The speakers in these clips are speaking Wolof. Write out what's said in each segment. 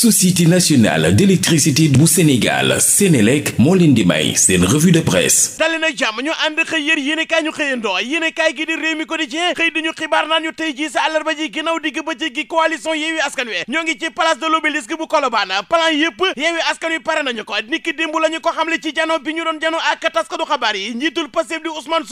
société nationale d'électricité bu Sénégal Sénélec moo leen di may seen revue de presse dali na jàmm ñu ànd xëy yër yéenekaay ñu xëyandoo yéenekaay gi di Rewmi Quotidien xëy di ñu xibaar naan ñu tey jii sa àllarba digg bëccëg gi coalition Yewwi Askan Wi ñoo ngi ci place de l'Obélisque bu Colobane plan yëpp Yewwi Askan Wi pare nañu ko niki démb la ñu ko xamle ci jano bi ñu doon jano ak taskatu xabaar yi njiitul Pastef di Ousmane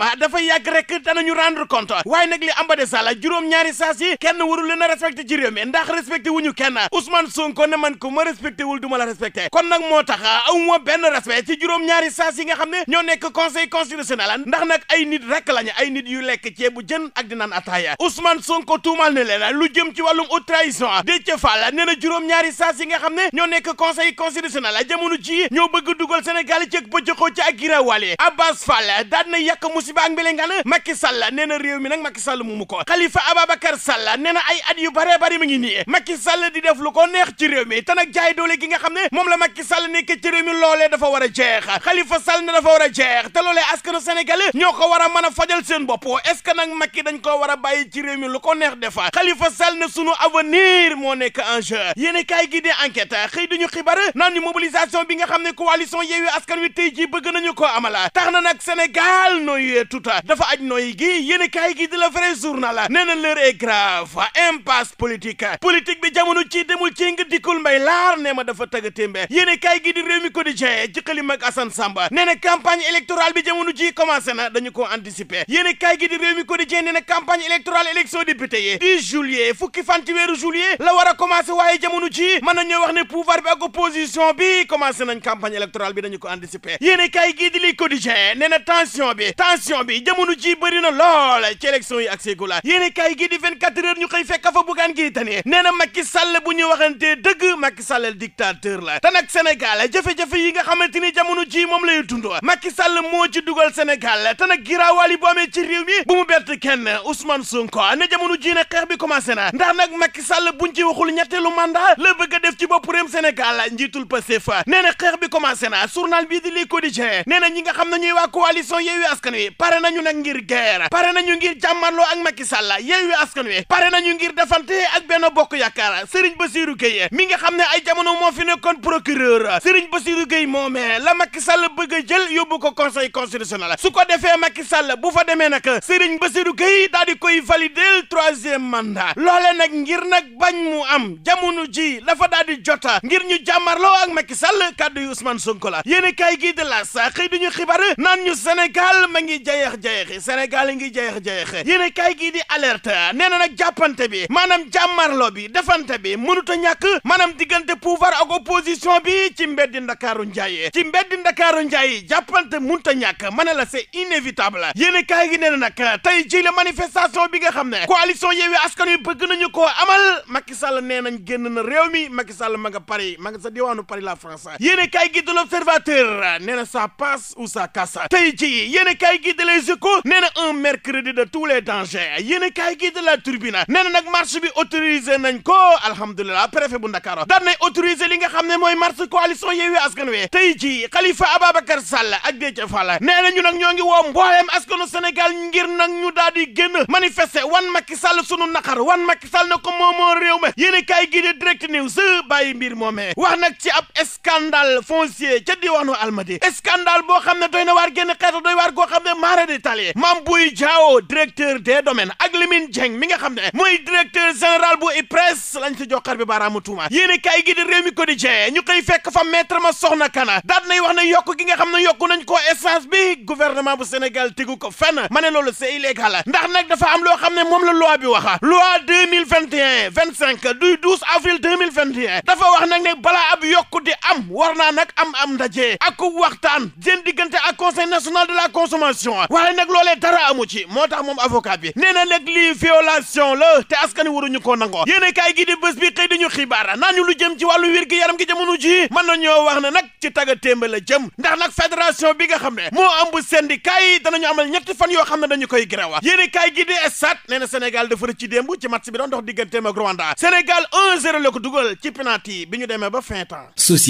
Maama dafay yàgg rek a ñu rendre compte waaye nag li ambade sala juróom-ñaari saas yi kenn warul leen a respecté ndax réew mi ñu respecté wuñu kenn Ousmane Sonko ne man ko ma respecté wul du la respecté kon nag moo tax awuma benn respect juróom-ñaari saas yi nga xam ne ñoo nekk conseil constitutionnel ndax nag ay nit rek lañu ay nit yu lekk ceebu jën ak a naan ataaya Ousmane Sonko tuumal ne leen lu jëm ci wàllum haute trahison Déthié Fall nee na juróom-ñaari saas yi nga xam ne ñoo nekk conseil constitutionnel jamono ji ñoo bëgg dugal Sénégal ci ak bëccëxoo ci ak giraawaale Abbas Fall daan na yàq musi ba ak mbile ngan Macky Sall nee na réew mi ko Khalifa Ababacar Sall nee na ay at yu bare bari mu ngi nii Macky Sall di def lu neex ci réew te nag jaay doole gi nga xam ne moom la Macky Sall nekk ci réew mi dafa war a jeex Khalifa Sall ne dafa war a jeex te loolee askanu Sénégal ñoo ko war a fajal seen bopp est-ce que nag ko war a ci réew mi neex defa Khalifa Sall ne sunu avenir moo ne coalition Yewwi Askan Wi tey de tout dafa aj nooy gi yéen kaay gi di la vrai journal nee na l'heure est grave impasse politique politique bi jamono ci demul ci nga dikkul mbay laar nee ma dafa tëgg témbe yéen kaay gi di réew mi quotidien ci xalima ak Assane Samba nee na campagne électorale bi jamono ci commencé na dañu ko anticiper yéen kaay gi di réew mi quotidien nee na campagne électorale élection député yi 10 juillet fukki fan ci weeru la war a commencé waaye jamono ci mën nañoo wax ne pouvoir bi ak opposition bi commencé nañ campagne électorale bi dañu ko anticiper yéen kaay gi di li quotidien nee na tension bi tension pression bi jamono ji bëri na lool ci élection yi ak seegula yéene kaay gi di 24 heures ñu xëy fekk fa bugaan gi tane nee na Macky Sall bu ñu waxantee dëgg Macky Sall dictateur la te nag Sénégal jafe yi nga xamante ni jamono ji moom lay dundoo Macky Sall moo ci dugal Sénégal te nag giraawaal yi bu amee ci réew mi bu mu bett kenn Ousmane Sonko ne jamono ji xeex bi commencé na ndax nag Macky Sall bu ci waxul ñetteelu mandat la bëgg a def ci bopp réew Sénégal njiitul Pastef nee na xeex bi commencé na journal bii di na ñi nga pare na ñu nag ngir guerre pare na ñu ngir jàmmarloo ak Macky Sall Yewwi Askan Wi pare nañu ngir defante ak Benno Bokk Yaakaar Serigne Bassirou Gueye mi nga xam ne ay jamono moo fi nekkoon procureur Serigne Bassirou Gueye moomee la Macky Sall bëgg a jël yóbbu ko conseil constitutionnel su ko defee Macky Sall bu fa demee nag Serigne Bassirou Gueye daal di koy valider man mandat loole nag ngir nag bañ mu am jamono ji la fa daal di jota ngir ñu jàmmarloo ak Macky Sall kàddu yu Ousmane Sonko la yéen a kaay gii de la sax xëy duñu Sénégal ma ngi ngi jayeex-jayeexi Sénégal ngi jayeex-jayeex yéen kaay gii di alerte nee nag jàppante bi maanaam jàmmarlo bi defante bi mënut a ñàkk maanaam diggante pouvoir ak opposition bi ci mbeddi ndakaaru njaay ci mbeddi ndakaaru njaay jàppante mënut a ñàkk ma ne la c'est inévitable yéen kaay gi nee na nag tey ji la manifestation bi nga xam ne coalition Yewwi Askan Wi bëgg nañu koo amal Macky Sall nee nañ na réew mi Macky Sall ma nga Paris ma nga sa diwaanu Paris la France yéen kaay gi gi de Les Échos nee na un mercredi de tous les dangers yéen a kaay gi de nag marche bi autorisé nañ ko alhamdulilah préfet bu Ndakaaru daan nay autorisé li nga xam ne mooy marche coalition Yewwi Askan Wi tey jii Khalifa Ababacar Sall ak Déthié Fall nee na ñu nag ñoo ngi woo mbooleem askanu Sénégal ngir nag ñu daal di génn manifester wan Macky Sall sunu naqar wan ma Sall na ko moomoo réew ma yéen a kaay gi de Direct News bàyyi mbir moomee wax nag ci ab scandale na waar génn maara di tali Mame Boye Diao directeur des domaines ak Lamine Dieng mi nga xam ne mooy directeur général bu IPRES lañ si joxar bi baaraamu tuuma yéen kay gi di réew mi quotidien ñu koy fekk fa maître ma soxna kana daat nay wax ne yokk gi nga xam ne yokk nañ ko essence bi gouvernement bu Sénégal tegu ko fenn ma ne loolu c'est illégal ndax nag dafa am loo xam ne moom la loi bi waxa loi 2021 25 du 12 avril 2021 dafa wax nag ne balaa ab yokku di am war naa nag am am ndaje ak waxtaan seen diggante ak conseil national de la consommation waaye nag loole dara amu ci moo tax moom avocat bi nee na nag lii violation la te askan wi waruñu koo nangoo yéen kaay gi di bés bi xëy dañu xibaar naa ñu lu jëm ci wàllu wér gi yaram gi jamono ji mën nañoo wax ne nag ci tagga témba la jëm ndax nag fédération bi nga xam ne moo am bu syndicat yi danañu amal ñetti fan yoo xam ne dañu koy gréwa yéen kaay gi di estat nee na Sénégal dafa rëcc ci démb ci match bi doon dox digganteem ak Rwanda Sénégal 1-0 la ko dugal ci bi ñu demee ba fin temps